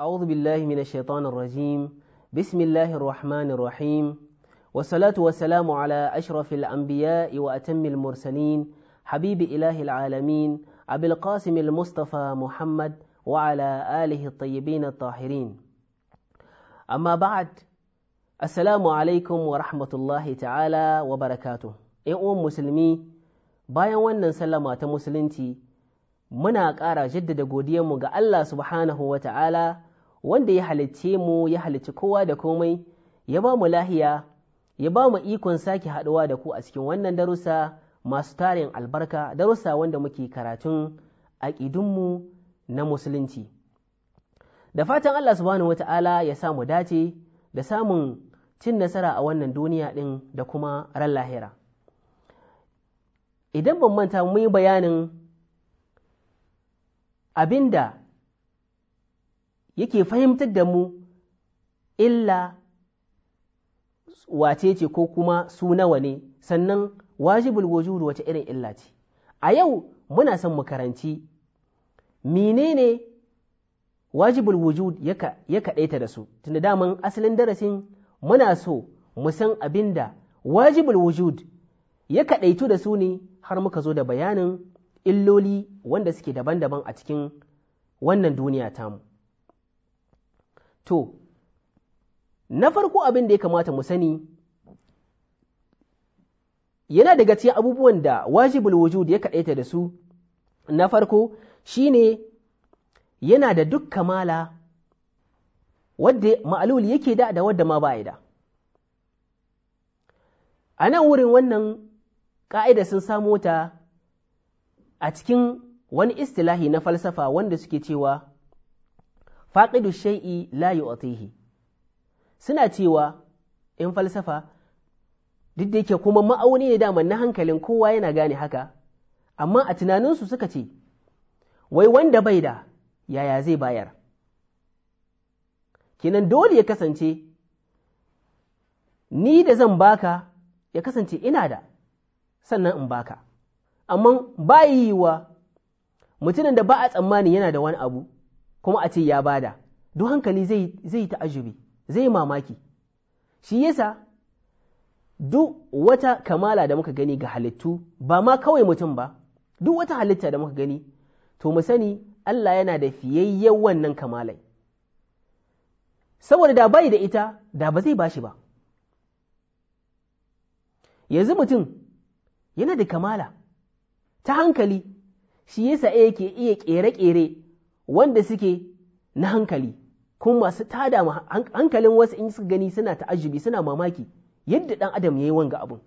أعوذ بالله من الشيطان الرجيم بسم الله الرحمن الرحيم والصلاة والسلام على أشرف الأنبياء وأتم المرسلين حبيب إله العالمين أبي القاسم المصطفى محمد وعلى آله الطيبين الطاهرين أما بعد السلام عليكم ورحمة الله تعالى وبركاته إن مسلمي bayan wannan sallama ta musulunci muna ƙara jaddada godiyanmu ga Allah subhanahu wa ta'ala wanda ya halicce mu ya halicci kowa da komai ya ba mu lahiya ya ba mu ikon sake haɗuwa da ku a cikin wannan darussa masu tarin albarka darussa wanda muke karatun mu na musulunci da fatan Allah subhanahu wata'ala ya sa mu dace da samun cin nasara a wannan duniya ɗin da kuma ran lahira idan ban manta mun yi bayanin abinda yake fahimtar da mu illa wace ce ko kuma su nawa ne sannan wajibul wujud wace irin illa ce a yau muna son mu karanci menene wajibul wujud ya kaɗaita da su tunda daman asalin darasin muna so mu san abin da wajibul wujud ya kaɗaitu da su ne har muka zo da bayanin illoli wanda suke daban-daban a cikin wannan duniya tamu To, na farko abin da ya kamata mu sani yana daga cikin abubuwan da wajibul wujud ya kaɗaita da su na farko shi ne yana da duk kamala wadda ma'aluli yake da da wadda ma ba da a nan wurin wannan ƙa'ida sun samo ta a cikin wani istilahi na falsafa wanda suke cewa faƙidu shai'i la yu'tihi suna cewa in falsafa duk da yake kuma ma'auni ne daman na hankalin kowa yana gane haka amma a tunaninsu suka ce wai wanda bai da yaya zai bayar kenan dole ya kasance ni da zan baka ya kasance ina da sannan in baka amma ba yi wa mutumin da ba a tsammani yana da wani abu kuma a ce ya bada duk hankali zai ta ajubi zai mamaki shi yasa duk wata kamala da muka gani ga halittu ba ma kawai mutum ba duk wata halitta da muka gani to mu sani Allah yana da fiyayyen wannan kamalai saboda da bai da ita da ba zai bashi ba yanzu mutum yana da kamala ta hankali shi yasa yake iya kere-kere. wanda suke na hankali kuma masu tada hankalin wasu in suka gani suna ta'ajibi suna mamaki yadda ɗan adam ya yi wanga abin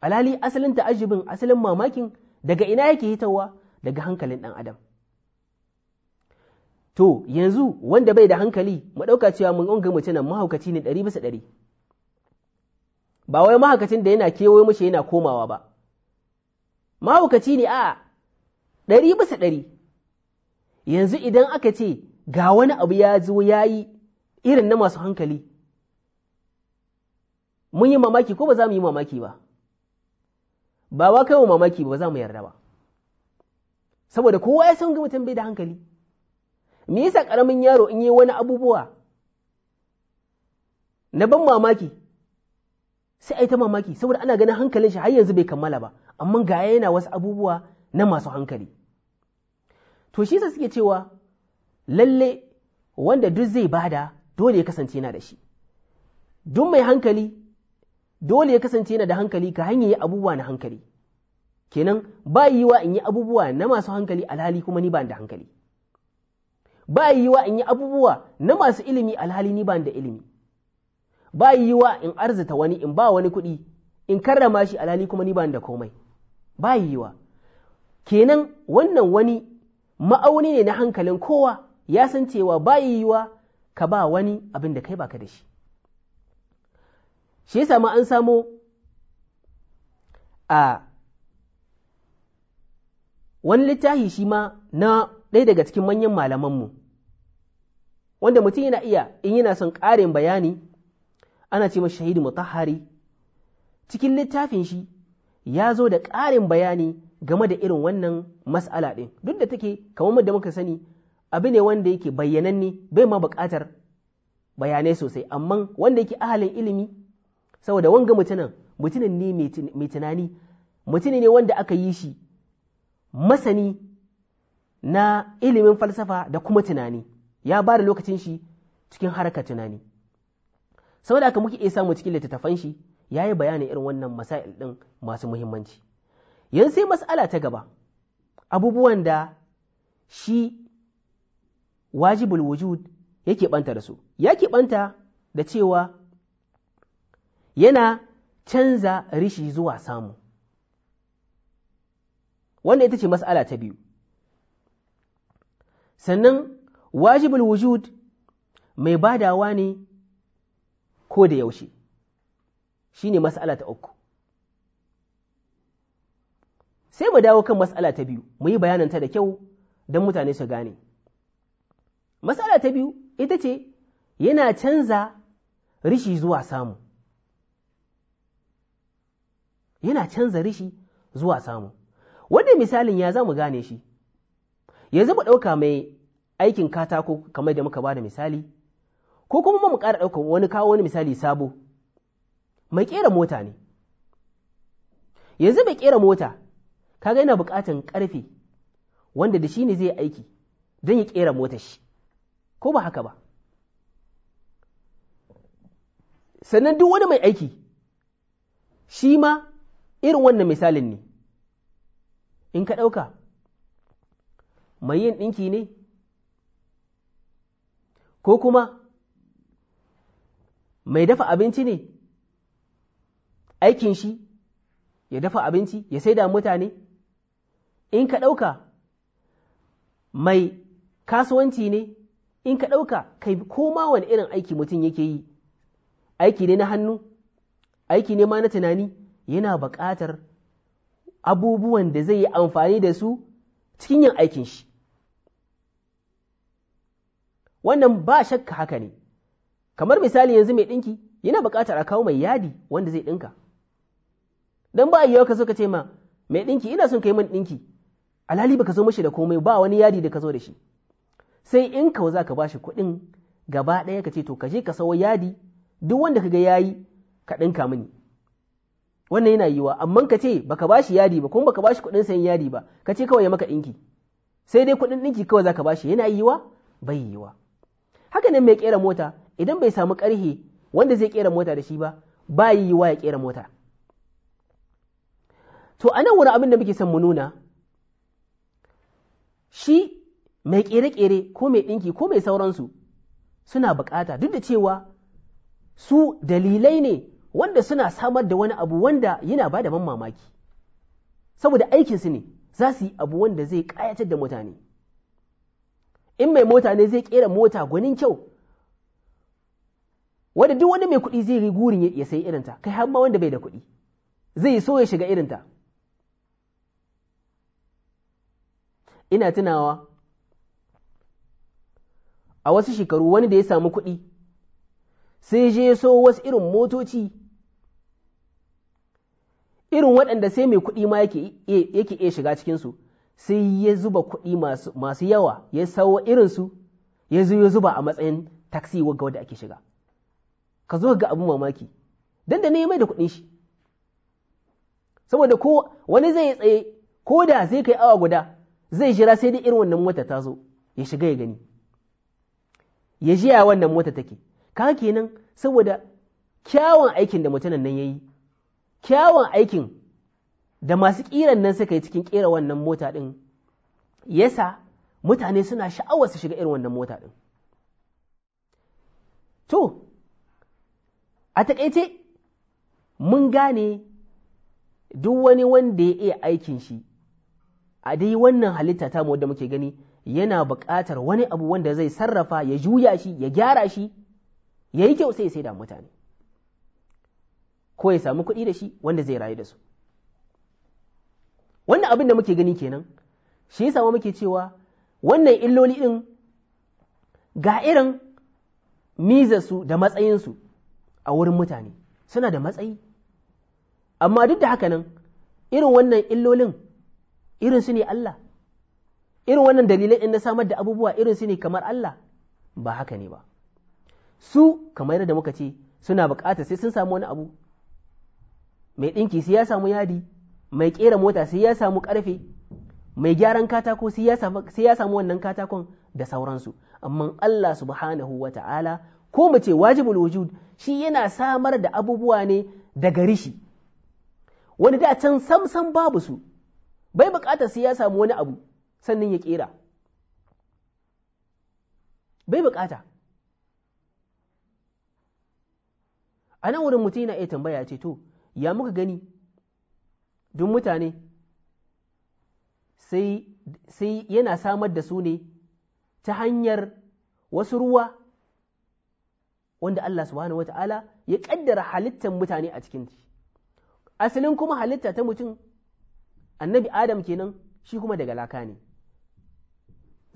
alhali asalin ta'ajibin asalin mamakin daga ina yake hitawa daga hankalin ɗan adam to yanzu wanda bai da hankali mu ɗauka cewa mun unga mutum nan mahaukaci ne ɗari bisa ɗari ba wai mahaukacin da yana kewaye mashi yana komawa ba mahaukaci ne a ɗari bisa ɗari yanzu idan aka ce ga wani abu ya zo ya yi irin na masu hankali mun yi mamaki ko ba za mu yi mamaki ba ba wa kai mamaki ba za mu yarda ba saboda kowa ya san ga mutum bai da hankali me yasa karamin yaro in yi wani abubuwa na ban mamaki sai a yi ta mamaki saboda ana ganin hankalin shi har yanzu bai kammala ba amma ga yana wasu abubuwa na masu hankali to shi suke cewa lalle wanda duk zai bada dole ya kasance yana da shi duk mai hankali dole ya kasance yana da hankali ka hanyar yi abubuwa na hankali kenan ba yiwa in yi abubuwa na masu hankali alhali kuma ni ba da hankali ba yiwa in yi abubuwa na masu ilimi alhali ni ba da ilimi ba yiwa in arzita wani in ba wani kuɗi in karrama shi alhali kuma ni ba da komai ba yiwa kenan wannan wani ma'auni ne na hankalin kowa ya san cewa ba yiwuwa ka ba wani abin da kai baka da shi shi ya ma an samo a wani littafi shi ma na ɗaya daga cikin manyan malamanmu wanda mutum yana iya in yana son ƙarin bayani ana ce masa shahidu mutahari cikin littafin shi ya zo da ƙarin bayani game da irin wannan mas'ala ɗin duk da take kamar da muka sani abu ne wanda yake bayyananne bai ma buƙatar bayanai sosai amma wanda yake ahalin ilimi saboda wanga mutunan mutunan ne mai tunani mutum ne wanda aka yi shi masani na ilimin falsafa da kuma tunani ya ba da lokacin shi cikin haraka tunani saboda aka muke iya samu cikin littattafan shi ya yi bayanin irin wannan masail ɗin masu muhimmanci yanzu sai mas'ala ta gaba abubuwan da shi wajibul wujud yake banta da su ya banta da cewa yana canza rishi zuwa samu wanda ita ce matsala ta biyu sannan wajibul wujud mai badawa ne ko da yaushe shi ne mas'ala ta uku sai mu dawo kan matsala ta biyu mu yi bayananta da kyau don mutane su gane matsala ta biyu ita ce yana canza rishi zuwa samu yana canza rishi zuwa samu Wanda misalin ya za mu gane shi yanzu mu ɗauka mai aikin katako kamar da muka ba da misali ko kuma mu ƙara ɗauka wani kawo wani misali sabo mai ƙera mota ne yanzu mai ƙera mota kaga yana buƙatar ƙarfe wanda da shi ne zai aiki don ya ƙera motar shi ko ba haka ba sannan duk wani mai aiki shi ma irin wannan misalin ne in ka ɗauka mai yin ɗinki ne ko kuma mai dafa abinci ne aikin shi ya dafa abinci ya sai da mutane in ka ɗauka mai kasuwanci ne in ka ɗauka kai koma wani irin aiki mutum yake yi aiki ne na hannu aiki ne ma na tunani yana buƙatar abubuwan da zai yi amfani da su cikin yin aikin shi wannan ba shakka haka ne kamar misali yanzu mai ɗinki yana buƙatar a kawo mai yadi wanda zai ɗinka don ba yau ka so ka ce ma mai ɗinki ina son ka yi min ɗinki alhali baka zo mashi da komai ba wani yadi da ka zo da shi sai in ka za ka bashi kuɗin gaba ɗaya ka ce to ka je ka sawo yadi duk wanda ka ga yayi ka ɗinka mini wannan yana yiwa amma ka ce baka bashi yadi ba kuma baka bashi kuɗin sayan yadi ba ka ce kawai ya maka ɗinki sai dai kuɗin ɗinki kawai za ka bashi yana yiwa bai yiwa haka nan mai kera mota idan bai samu karhe wanda zai kera mota da shi ba ba yiwa ya kera mota to a nan wani abin da muke son mu nuna shi mai ƙere-ƙere ko mai ɗinki ko mai sauransu suna bukata duk da cewa su dalilai ne wanda suna samar da wani abu wanda yana ba da ban mamaki saboda aikinsu ne za su yi abu wanda zai ƙayatar da mutane in mai mota ne zai ƙera mota gwanin kyau wanda duk wani mai kuɗi zai yi gurin ya sayi irinta kai har ma wanda bai da kuɗi zai so ya shiga irinta ina tunawa a wasu shekaru wani da ya samu kuɗi sai je so wasu irin motoci irin waɗanda sai mai kuɗi ma yake iya shiga cikinsu sai ya zuba kuɗi masu yawa ya sawo irinsu ya ya zuba a matsayin taksi wagga wadda ake shiga ka zo ga abin mamaki don da ne yi mai da kuɗin shi saboda ko wani zai tsaye ko da zai kai awa guda zai jira sai dai irin wannan mota ta zo ya shiga ya gani ya ji wannan mota take ka kenan saboda kyawun aikin da mutumin nan ya yi kyawun aikin da masu ƙiran nan suka yi cikin ƙera wannan mota ɗin yasa mutane suna sha'awar su shiga irin wannan mota ɗin to a taƙaice mun gane duk wani wanda ya iya aikin shi a dai wannan halitta ta wadda muke gani yana buƙatar wani abu wanda zai sarrafa ya juya shi ya gyara shi ya yi kyau sai ya sai da mutane ko ya samu kuɗi da shi wanda zai rayu da su wannan abin da muke gani kenan shi yasa muke cewa wannan illoli ɗin ga irin mizarsu da matsayinsu a wurin mutane suna da matsayi amma duk da haka nan irin wannan illolin irin su ne Allah irin wannan dalilai in na samar da abubuwa irin su ne kamar Allah ba haka ne ba su kamar yadda muka ce suna bukata sai sun samu wani abu mai ɗinki sai ya samu yadi mai ƙera mota sai ya samu ƙarfe mai gyaran katako sai ya samu wannan katakon da sauransu amma Allah subhanahu wa ta'ala ko mu ce wajibul wujud shi yana samar da abubuwa ne daga rishi wani da can sam sam babu su bai bukatar sai ya samu wani abu sannan ya kera bai bukata a nan wurin mutum yana iya tambaya ce to ya muka gani duk mutane sai yana samar da su ne ta hanyar wasu ruwa wanda Allah subhanahu wa ta'ala ya ƙaddara halittar mutane a cikin asalin kuma halitta ta mutum annabi adam kenan shi kuma daga laka ne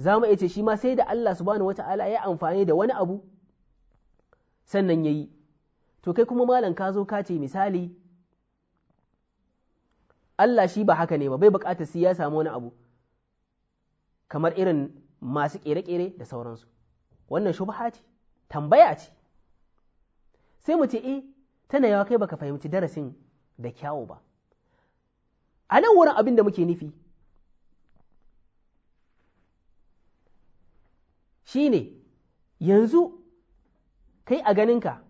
za mu iya ce shi ma sai da Allah subhanahu wata'ala ya amfani da wani abu sannan ya yi to kai kuma malam ka zo ka ce misali Allah shi ba haka ne ba bai bukatar sai ya samu wani abu kamar irin masu ƙere kere da sauransu wannan shubha ce tambaya ce sai mu ce eh tana yawa kai baka fahimci darasin da kyawu ba a nan wurin abin da muke nufi shi ne yanzu kai a ganinka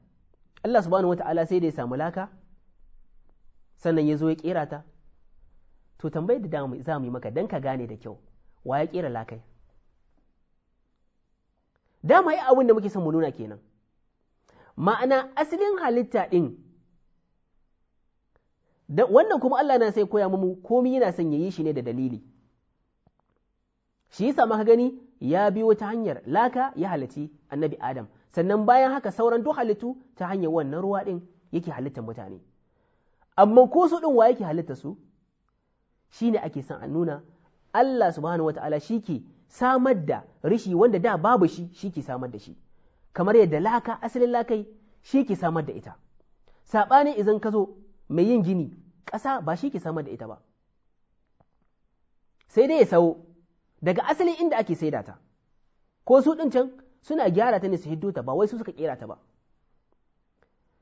Allah subhanahu wata'ala sai da ya samu laka sannan ya zo ya kera ta to tambayar da za mu yi maka don ka gane da kyau wa ya kera lakai dama yi abin da muke son mu nuna kenan ma'ana asalin halitta ɗin wannan kuma Allah na sai koya mu komi yana son ya yi shi ne da dalili shi yasa maka gani ya biyo ta hanyar laka ya halitti annabi Adam sannan bayan haka sauran duk halittu ta hanyar wannan ruwa din yake halittar mutane amma ko su din wa yake halitta su shine ake son a nuna Allah subhanahu wata'ala shi ke samar da rishi wanda da babu shi shi ke samar da shi kamar yadda laka asalin lakai shi ke samar da ita saɓani idan ka zo mai yin gini ƙasa ba shi ke samar da ita ba sai dai ya sayo, daga asalin inda ake saida ta ko su ɗin can suna gyara ta ne su hiddo ta ba wai su suka kera ta ba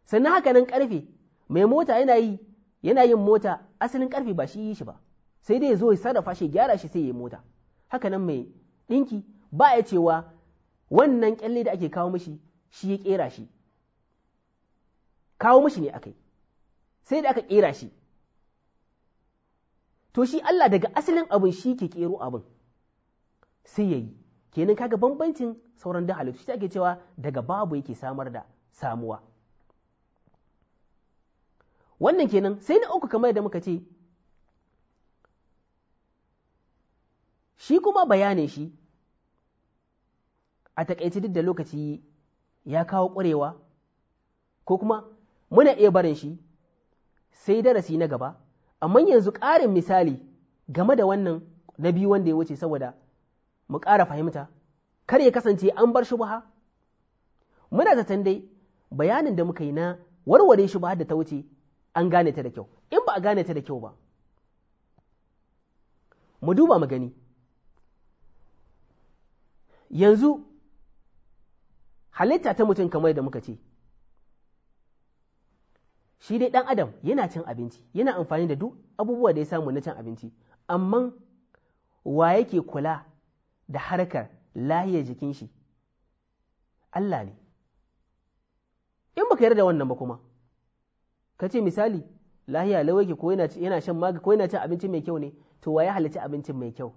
sannan haka nan ƙarfe mai mota yana yi yana yin mota asalin ƙarfe ba shi yi shi ba sai dai ya zo ya sarrafa shi gyara shi sai ya yi mota haka nan mai ɗinki ba ya cewa wannan kyalle da ake kawo mishi shi ya kera shi kawo mishi ne akai sai da aka kera shi to shi Allah daga asalin abin shi ke kero abin sai ya yi. kenan kaga bambancin sauran da halittu shi ake cewa daga babu yake samar da samuwa wannan kenan sai na uku kamar da muka ce shi kuma bayanin shi a takaice duk da lokaci ya kawo ƙwarewa ko kuma muna iya barin shi sai darasi na gaba amma yanzu ƙarin misali game da wannan na biyu wanda ya wuce saboda mu ƙara fahimta kar ya kasance an bar shubaha. muna zaton dai bayanin da muka yi na warware shubaha da ta wuce an gane ta da kyau in ba a gane ta da kyau ba mu duba mu gani yanzu halitta ta mutum kamar da muka ce shi dai ɗan adam yana cin abinci yana amfani da duk abubuwa da ya samu na cin abinci amma wa yake kula da harkar lahiyar jikin shi Allah ne in baka yarda wannan ba kuma ka ce misali lahiya lau yake ko yana shan maga ko yana cin abinci mai kyau ne to wa ya halarci abinci mai kyau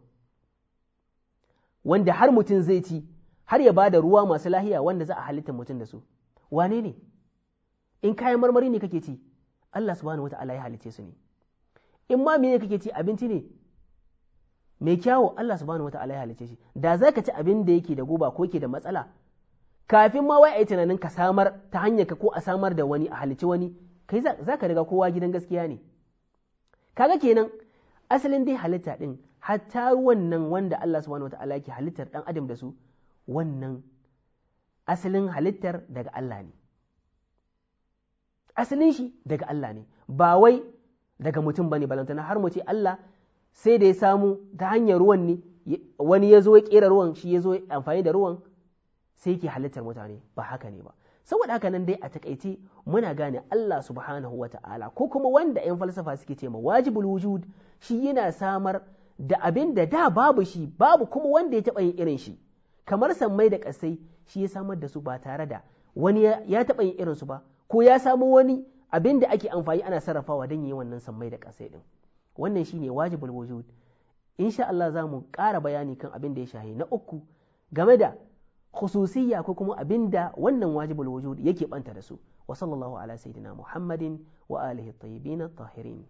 wanda har mutum zai ci har ya bada ruwa masu lahiya wanda za a halitta mutum da su wane ne in kayan marmari ne kake ci Allah subhanahu wata'ala ya halice su ne in ma ne kake ci abinci ne mai kyawo Allah subhanahu wata'ala ya halice shi da za ka ci abin da yake da guba ko yake da matsala kafin ma wai a yi tunanin ka samar ta hanyar ka ko a samar da wani a halici wani kai za ka riga kowa gidan gaskiya ne kaga kenan asalin dai halitta din hatta wannan wanda Allah subhanahu wata'ala ke halittar dan adam da su wannan asalin halittar daga Allah ne asalin shi daga Allah ne ba wai daga mutum ba ne balantana har mu ce Allah sai da ya samu ta hanyar ruwan ne wani ya zo ya kera ruwan shi ya zo amfani da ruwan sai yake halittar mutane ba haka ne ba saboda haka nan dai a takaice muna gane Allah subhanahu wa ta'ala ko kuma wanda 'yan falsafa suke ce ma wajibul wujud shi yana samar da abin da da babu shi babu kuma wanda ya taɓa yin irin shi kamar sammai da ƙasai shi ya samar da su ba tare da wani ya taɓa yin irin su ba ko ya samo wani abin da ake amfani ana sarrafawa don yi wannan sammai da ƙasai din wannan shine wajibul wujud insha Allah za mu ƙara bayani kan abin da ya shahi na uku game da khususiyya ko kuma abin da wannan wajibul wujud yake banta da su wa sallallahu ala sayyidina muhammadin wa alihi tayyibin tahirin